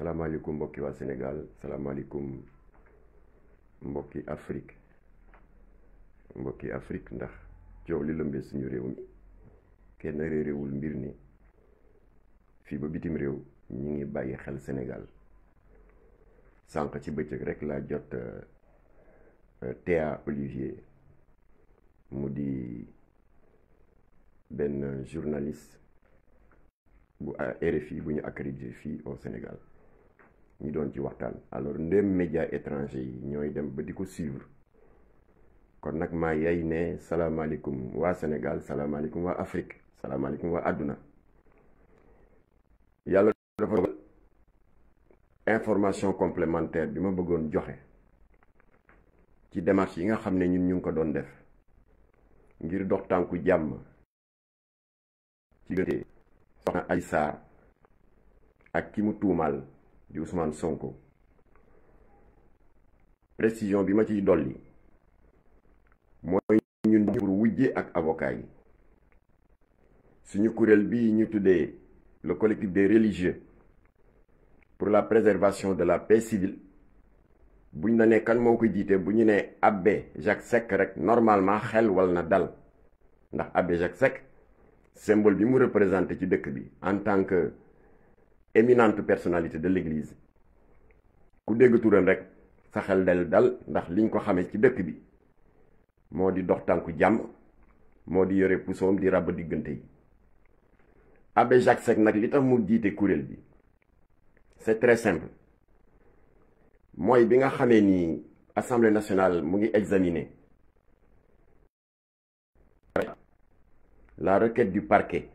salaamaaleykum mbokki waa Sénégal salaamaaleykum mbokki Afrique mbokki Afrique ndax coow li lëmbee suñu réew mi kenn réeréewul mbir ni fii ba bitim réew ñu ngi bàyyi xel Sénégal sànq ci bëccëg rek laa jot euh, Théa Olivier mu di benn journaliste bu euh, RFI bu ñu accrédité fii au Sénégal ñu doon ci waxtaan alors ndéem média étranger yi ñooy dem ba di ko suivre kon nag maa yay ne salaamaaleykum waa Sénégal salaamaaleykum waa Afrique salaamaaleykum waa àdduna yàlla dafa information complémentaire bi ma bëggoon joxe ci démarche yi nga xam ne ñun ñu ngi ko doon def ngir dox tànku jàmm ci gënte soxna Adji Sarr ak ki mu tuumaal di Ousmane Sonko précision bi ma ciy dolli mooy ñun pour wujje ak avocat yi suñu kuréel bi ñu tuddee le collectif des religieux pour la préservation de la paix civile buñ la nee kan moo ko jiite bu ñu nee abbé Jacques Seck rek normalement xel wal na dal ndax abbé Jacques Seck symbole bi mu représenté ci dëkk bi en tant que éminente personnalité de l'église ku dégg turam rek sa xel del dal ndax liñ ko xamee ci dëkk bi moo di dox tànku jàmm moo di yore pusoom di ràbb diggante yi abbé Jacques Seck nag li tax mu jiite kuréel bi c'est très simple mooy bi nga xamee ni assemblée nationale mu ngi examiner la requête du parquet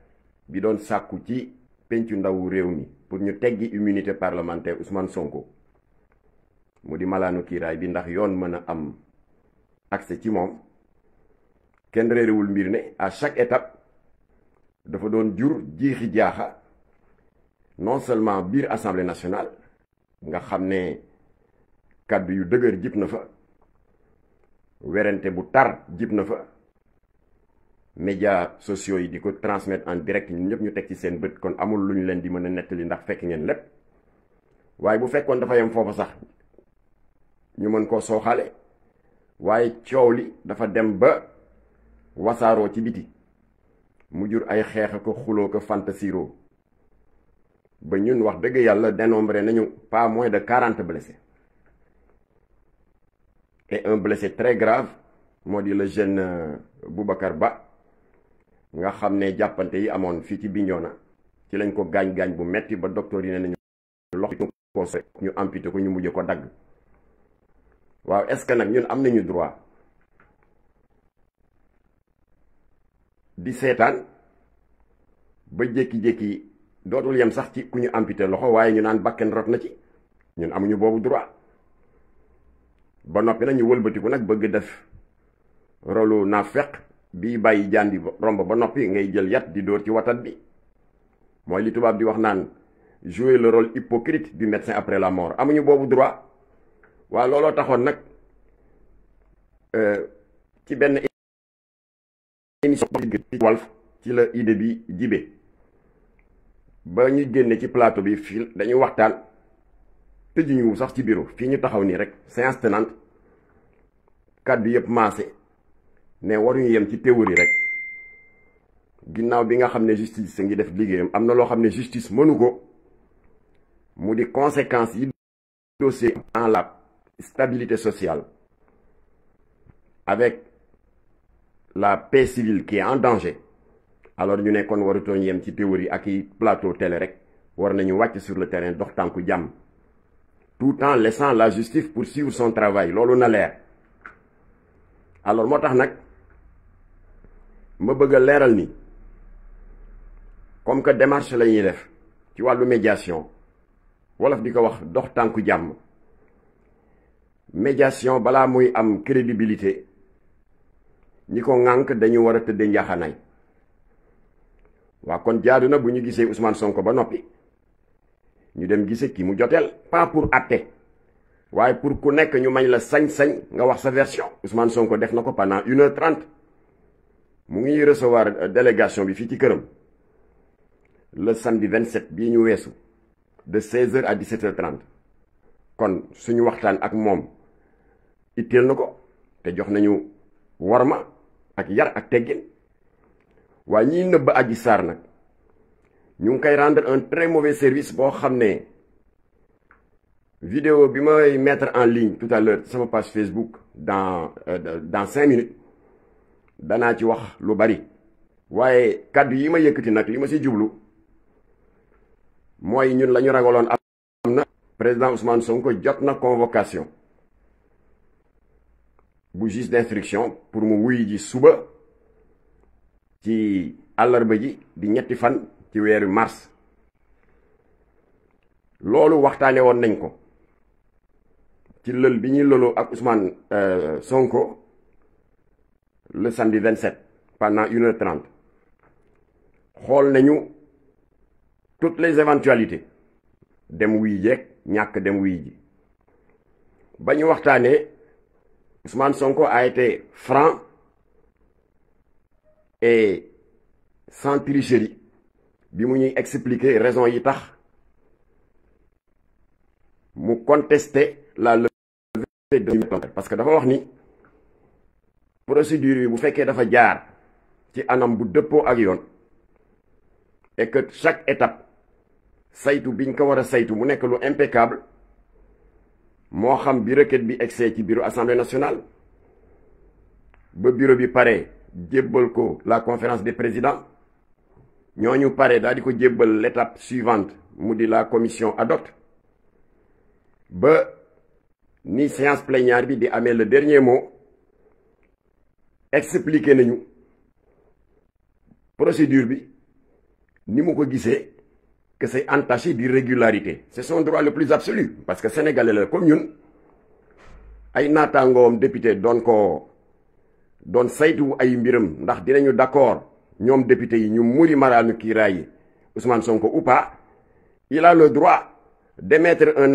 bi doon sàkku ci pencu ndawu réew mi pour ñu teggi immunité parlementaire Ousmane Sonko mu di malaanu kiiraay bi ndax yoon mën a am accès ci moom kenn réerewul mbir ne à chaque étape dafa doon jur jiixi jaaxa non seulement biir assemblée nationale nga xam ne kàddu yu dëgër jib na fa werante bu tar jib na fa médias sociaux yi di ko transmettre en direct ñun ñëpp ñu teg ci seen bët kon amul lu ñu leen di mën a nettali ndax fekk ngeen lépp waaye bu fekkoon dafa yem foofu sax ñu mën koo sooxale waaye coow li dafa dem ba wasaaroo ci biti mu jur ay xeex ko xuloo ko fantasiro ba ñun wax dëgg yàlla dénombré nañu pas moins de quarante blessés a un blessé très grave moo di le jeune euh, Boubacar Ba nga xam ne jàppante yi amoon fii ci Bignona ci lañ ko gaañ gaañ bu metti ba docteur yi ne nañu loxo ko so ñu amputé ko ñu mujj ko dagg waaw est-ce nag ñun am nañu droit di seetaan ba jékki-jékki dootul yem sax ci ku ñu amputé loxo waaye ñu naan bakken rot na ci ñun amuñu boobu droit ba noppi nag ñu wëlbatiku nag bëgg def rolu naa feq bi bàyyi jaan bi romb ba noppi ngay jël yat di dóor ci watat bi mooy li tubaab di wax naan jouer le rôle hypocrite du médecin après la mort amuñu boobu droit waaw looloo taxoon nag euh, ci benn émission ci Walf ci la idée bi jibe ba ñu génne ci plateau bi fii dañu waxtaan tëjuñu sax ci bureau fii ñu taxaw nii rek séance tenante bi yëpp maase ne waruñu yem ci théorie rek ginnaaw bi nga xam ne justice ngi def liggéeyam am na loo xam ne justice mënu ko mu di conséquences yi dossier en la stabilité sociale avec la paix civile qui est en danger alors ñu nekkoon warutoo yem ci théorie ak i plateau télé rek war nañu wàcc sur le terrain dox tànku jàmm tout en laissant la justice poursuivre son travail loolu na leer alors moo tax nag ma bëgg a leeral ni comme que démarche la ñuy def ci wàllu médiation wolof di ko wax dox tànku jàmm médiation balaa muy am crédibilité ñi ko ŋànk dañu war a tëddee njaaxanaay waa kon jaadu na bu ñu gisee Ousmane Sonko ba noppi ñu dem gise ki mu joteel pas pour atte waaye pour ku nekk ñu mañ la sañ-sañ nga wax sa version Ousmane Sonko def na ko pendant une heure mu ngi recevoir euh, délégation bi fii ci këram le samedi 27 bii ñu weesu de 16h à 17h30 kon suñu waxtaan ak moom itteel na ko te jox nañu warma ak yar ak teggin waaye ñiy nëbb Adji Sarr nag ñu ngi koy rendre un très mauvais service boo xam ne vidéo bi may mettre en ligne tout à l'heure sama page Facebook dans euh, dans cinq minutes danaa ci wax lu bari waaye kàddu yi ma yëkkati nag li ma si jublu mooy ñun lañu ñu ragaloon am na président Ousmane Sonko jot na convocation bu juge d'instruction pour mu wuy ji suba ci àllarba ji di ñetti fan ci weeri mars loolu waxtaane woon nañ ko ci lël bi ñuy lëloo ak Ousmane euh, Sonko le samedi 27 pendant une heure trente xool nañu toutes les éventualités dem wuy jeeg ñàkk dem wu ji ba ñu waxtaanee Ousmane Sonko a été franc et sans bi mu ñuy expliquer raison yi tax mu contester la levée de parce que dafa wax ni procédure yi bu fekkee dafa jaar ci anam bu dëppoo ak yoon et que chaque étape saytu biñ ko war a saytu mu nekk lu impeccable moo xam bi requête bi egsee ci bureau assemblée nationale ba bureau bi pare jébbal ko la conférence des ñoo ñu pare daal di ko jébbal l'étape suivante mu di la commission ad hoc ba ni séance plénière bi di amee le dernier mot expliqué nañu procédure bi ni mu ko gisee que c'est entaché d'irrégularité c'est son droit le plus absolu parce que sénégalais la comme ñun ay naataangoom député doon ko doon saytu ay mbiram ndax dinañu d'accord ñoom député yi ñu muri maraanu kiiraay yi Ousmane Sonko ou pas il a le droit d'émettre un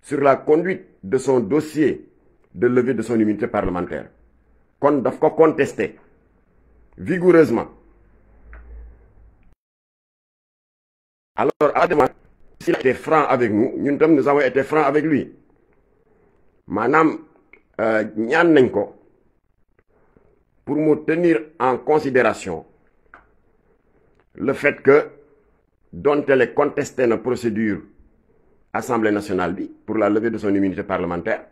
sur la conduite de son dossier de levée de son immunité parlementaire kon daf ko contester vigoureusement alors Adama s'il a été franc avec nous ñun tam nous avons été francs avec lui maanaam euh, ñaan nañ ko pour mu tenir en considération le fait que dontele contesté na procédure Assemblée nationale bi pour la levée de son immunité parlementaire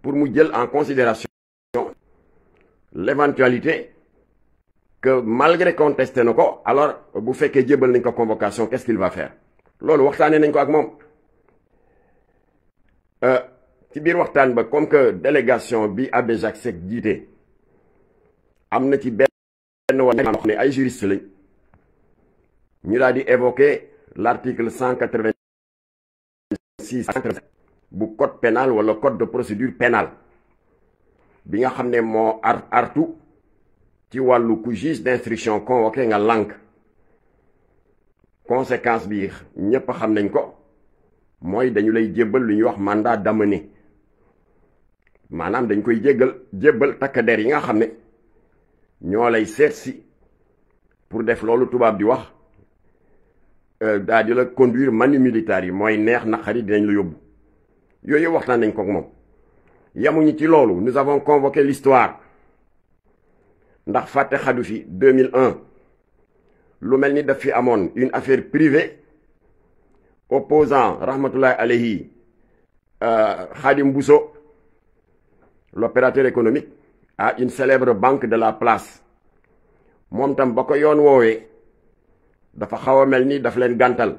pour mu jël en considération l'éventualité que malgré contesté na ko alors bu fekkee jébbal nañ ko convocation qu'est-ce qu'il va faire loolu waxtaanee nañ ko ak moom euh, ci biir waxtaan ba comme que délégation bi Abbé Jacques sec jiite am na ci benn wala wax ne ay juriste lañ ñu daal di évoquer l'article cent quatre-vingt-six bu code pénal wala code de procédure pénal bi nga xam ne moo ar artu ci wàllu ku juge d'instruction convoqué nga lànk conséquence bi ñépp xam nañ ko mooy dañu lay jébbal lu ñuy wax mandat d'amener maanaam dañ koy jéggal jébbal takk der yi nga xam ne ñoo lay seet si pour def loolu tubaab di wax euh, daa di la conduire manu militari yi mooy neex naqari dinañ la yóbbu yooyu waxtaan nañ ko moom yamuñu ci loolu nous avons convoqué l'histoire ndax fàtte xadu fi 2001 lu mel ni daf fi amoon une affaire privée opposant rahmatullahi alayhi euh, Khadim Bousso l'opérateur économique à une célèbre banque de la place moom tam ba ko yoon woowee dafa xaw a mel ni daf leen gàntal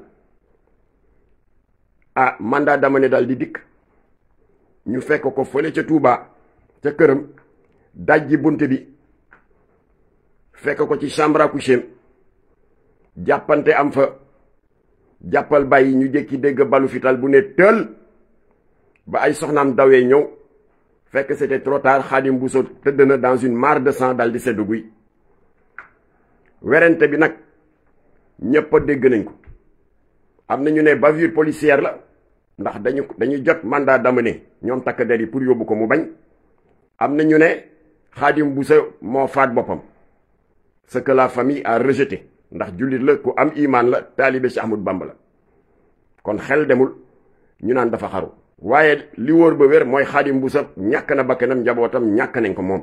ah dama ne daal di dikk ñu fekk ko fële ca Touba ca këram dajji bunt bi fekk ko ci chambre à coucher jàppante am fa jàppal bàyyi ñu jékki dégg balu fital bu ne tël ba ay soxnaam dawee ñëw fekk c'était trop tard Xaadim Bousso tëdd na dans une mare de sang dal di sedd guy werante bi nag ñëpp dégg nañ ko am na ñu ne bavure policière la ndax dañu dañu jot mandat d'amener ñoom takk der yi pour yóbbu ko mu bañ am na ñu ne bu sa moo faat boppam ce que la famille a rejeté ndax jullit la ku am imaan la taalibe Cheikh Ahmadou Bamba la kon xel demul ñu naan dafa xaru waaye li wóor ba wér mooy Khadim Bousso ñàkk na bakkanam njabootam ñàkk nañ ko moom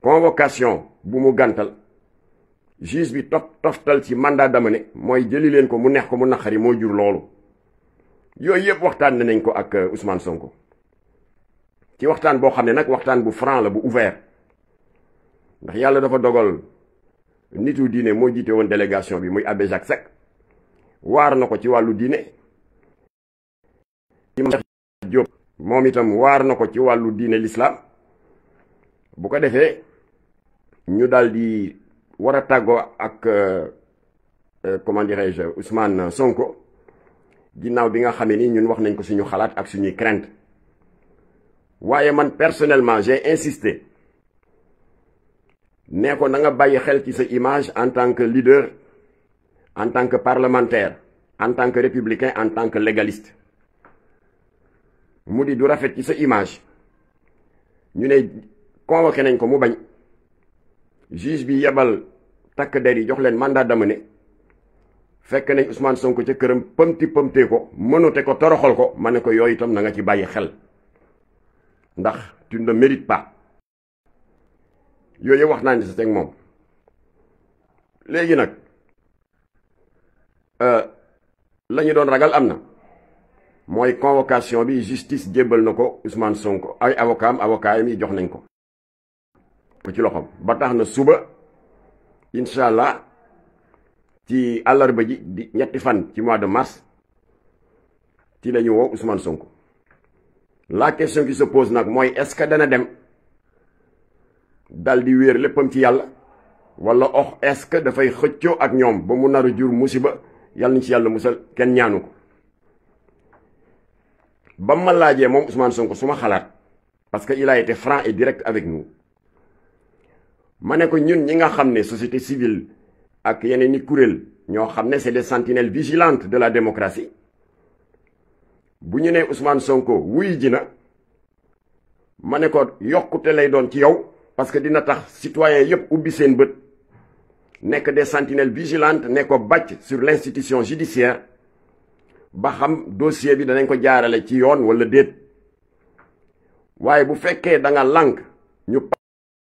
convocation bu mu gantal juge bi tof toftal ci mandat d'amener mooy jëli leen ko mu neex ko mu naqari moo jur loolu yooyu yëpp waxtaan nañ ko ak euh, Ousmane Sonko ci waxtaan boo xam ne nag waxtaan bu franc la bu ouvert ndax yàlla dafa dogal nit wu diine moo jiite woon délégation bi muy abbé Jacques Seck waar na ko ci wàllu diine Diop moom itam waar na ko ci wàllu diine l'islam bu ko defee ñu daal di war a tàggoo ak euh, euh, comment dirais-je Sonko ginnaaw bi nga xamee ni ñun wax nañ ko suñu xalaat ak suñuy crainte waaye man personnellement j'ai insisté nee ko na nga bàyyi xel ci sa image en tant que leader en tant que parlementaire en tant que républicain en tant que légaliste mu di du rafet ci sa image ñu ne convoqué nañ ko mu bañ juge bi yebal takk der yi jox leen mandat d'amener fekk nañ Ousmane Sonko ca këram pëmti pëmtee ko mënute ko toroxal ko ma ne ko yooyu tam na nga ci bàyyi xel ndax tu ne mérites pas yooyu wax naa ni sa teg moom léegi nag euh, la ñu doon ragal am na mooy convocation bi justice jébbal na ko Ousmane Sonko ay awokaam am avocat yi jox nañ ko ko ci loxoom ba tax na suba incha allah ci àllarba ji di ñetti fan ci mois de mars ci la woo usmaan Sonko la question qui se pose nag mooy est-ce que dana dem dal di wéer léppam ci yàlla walla ox oh, est-ce que dafay xëccoo ak ñoom ba mu nar a jur musiba yàlla nañ ci yàlla musal kenn ñaanu ko ba ma laajee moom usmaan Sonko su ma xalaat parce que il a été franc et direct avec nous ma ne ko ñun ñi nga xam ne société civile. ak yeneen i kuréel ñoo xam ne c'est des sentinelles vigilantes de la démocratie bu ñu nee Ousmane Sonko wuy ji na ma ne ko yokkute lay doon ci yow parce que dina tax citoyens yépp ubbi seen bët nekk de sentinelles vigilantes ne ko bàcc sur l'institution judiciaire ba xam dossier bi danañ ko jaarale ci yoon wala déet waaye bu fekkee da nga lànk ñu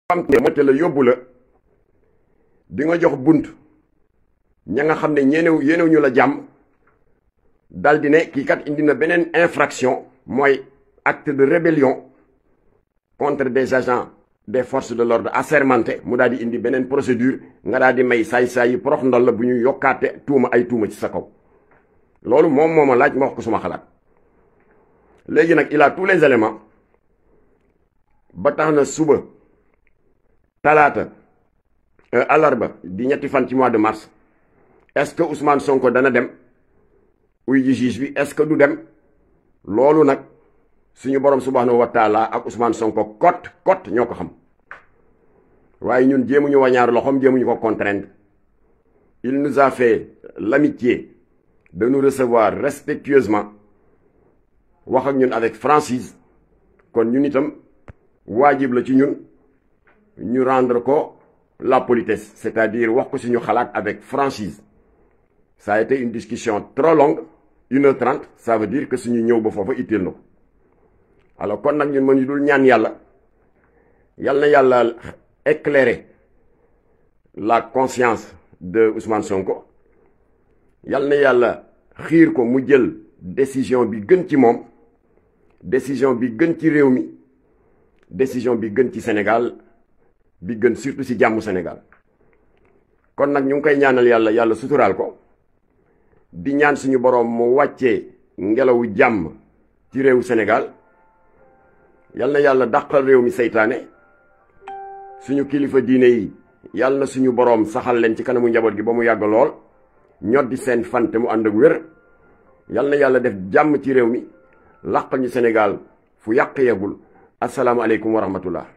pamte la yóbbu la di nga jox bunt ña nga xam ne ñeenew yéenew ñu la jàmm dal di ne kii kat indi na beneen infraction mooy acte de rébellion contre des agents des force de l'ordre assermentés mu daal di indi beneen procédure nga daal di may saay-saay yi porox ndol la bu ñu yokkaate tuuma ay tuuma ci sa kaw loolu moom moom ma laaj ma wax ko suma xalaat léegi nag il a tous les éléments ba tax suba talaata alarba euh, di ñetti fan ci mois de mars est-ce que Ousmane Sonko dana dem uy ji juge bi est-ce que du dem loolu nag suñu borom subhanahu wa taala ak Ousmane Sonko kot kot ñoo ko xam waaye ñun jéemuñu wañaar loxoom jéemuñu ko contraindre il nous a fait l'amitié de nous recevoir respectueusement wax ak ñun avec franchise kon ñun itam waajib la ci ñun ñu rendre ko la politesse c'est-à-dire wax ko suñu xalaat avec franchise saa a été une discussion trop longue une heure trente que suñu ñëw ba foofa utile na ko alors kon nag ñun ma ñu dul ñaan yàlla yal yàlla éclairer la conscience de Ousmane Sonko yal na yàlla xiir ko mu jël décision bi gën ci moom décision bi gën ci réew mi décision bi gën ci Sénégal bi gën surtout ci jàmmu Sénégal kon nag ñu ngi koy ñaanal yàlla yàlla suturaal ko. di ñaan suñu boroom mu wàccee ngelawu jàmm ci réew Sénégal yal na yàlla dàqal réew mi seytaane suñu kilifa diine yi yal na suñu boroom saxal leen ci kanamu njaboot gi ba mu yàgg lool ñoddi seen fante mu ànd ak wér yal na yàlla def jàmm ci réew mi làqal ñu Sénégal fu yàq yeegul asalaamualeykum wa rahmatullah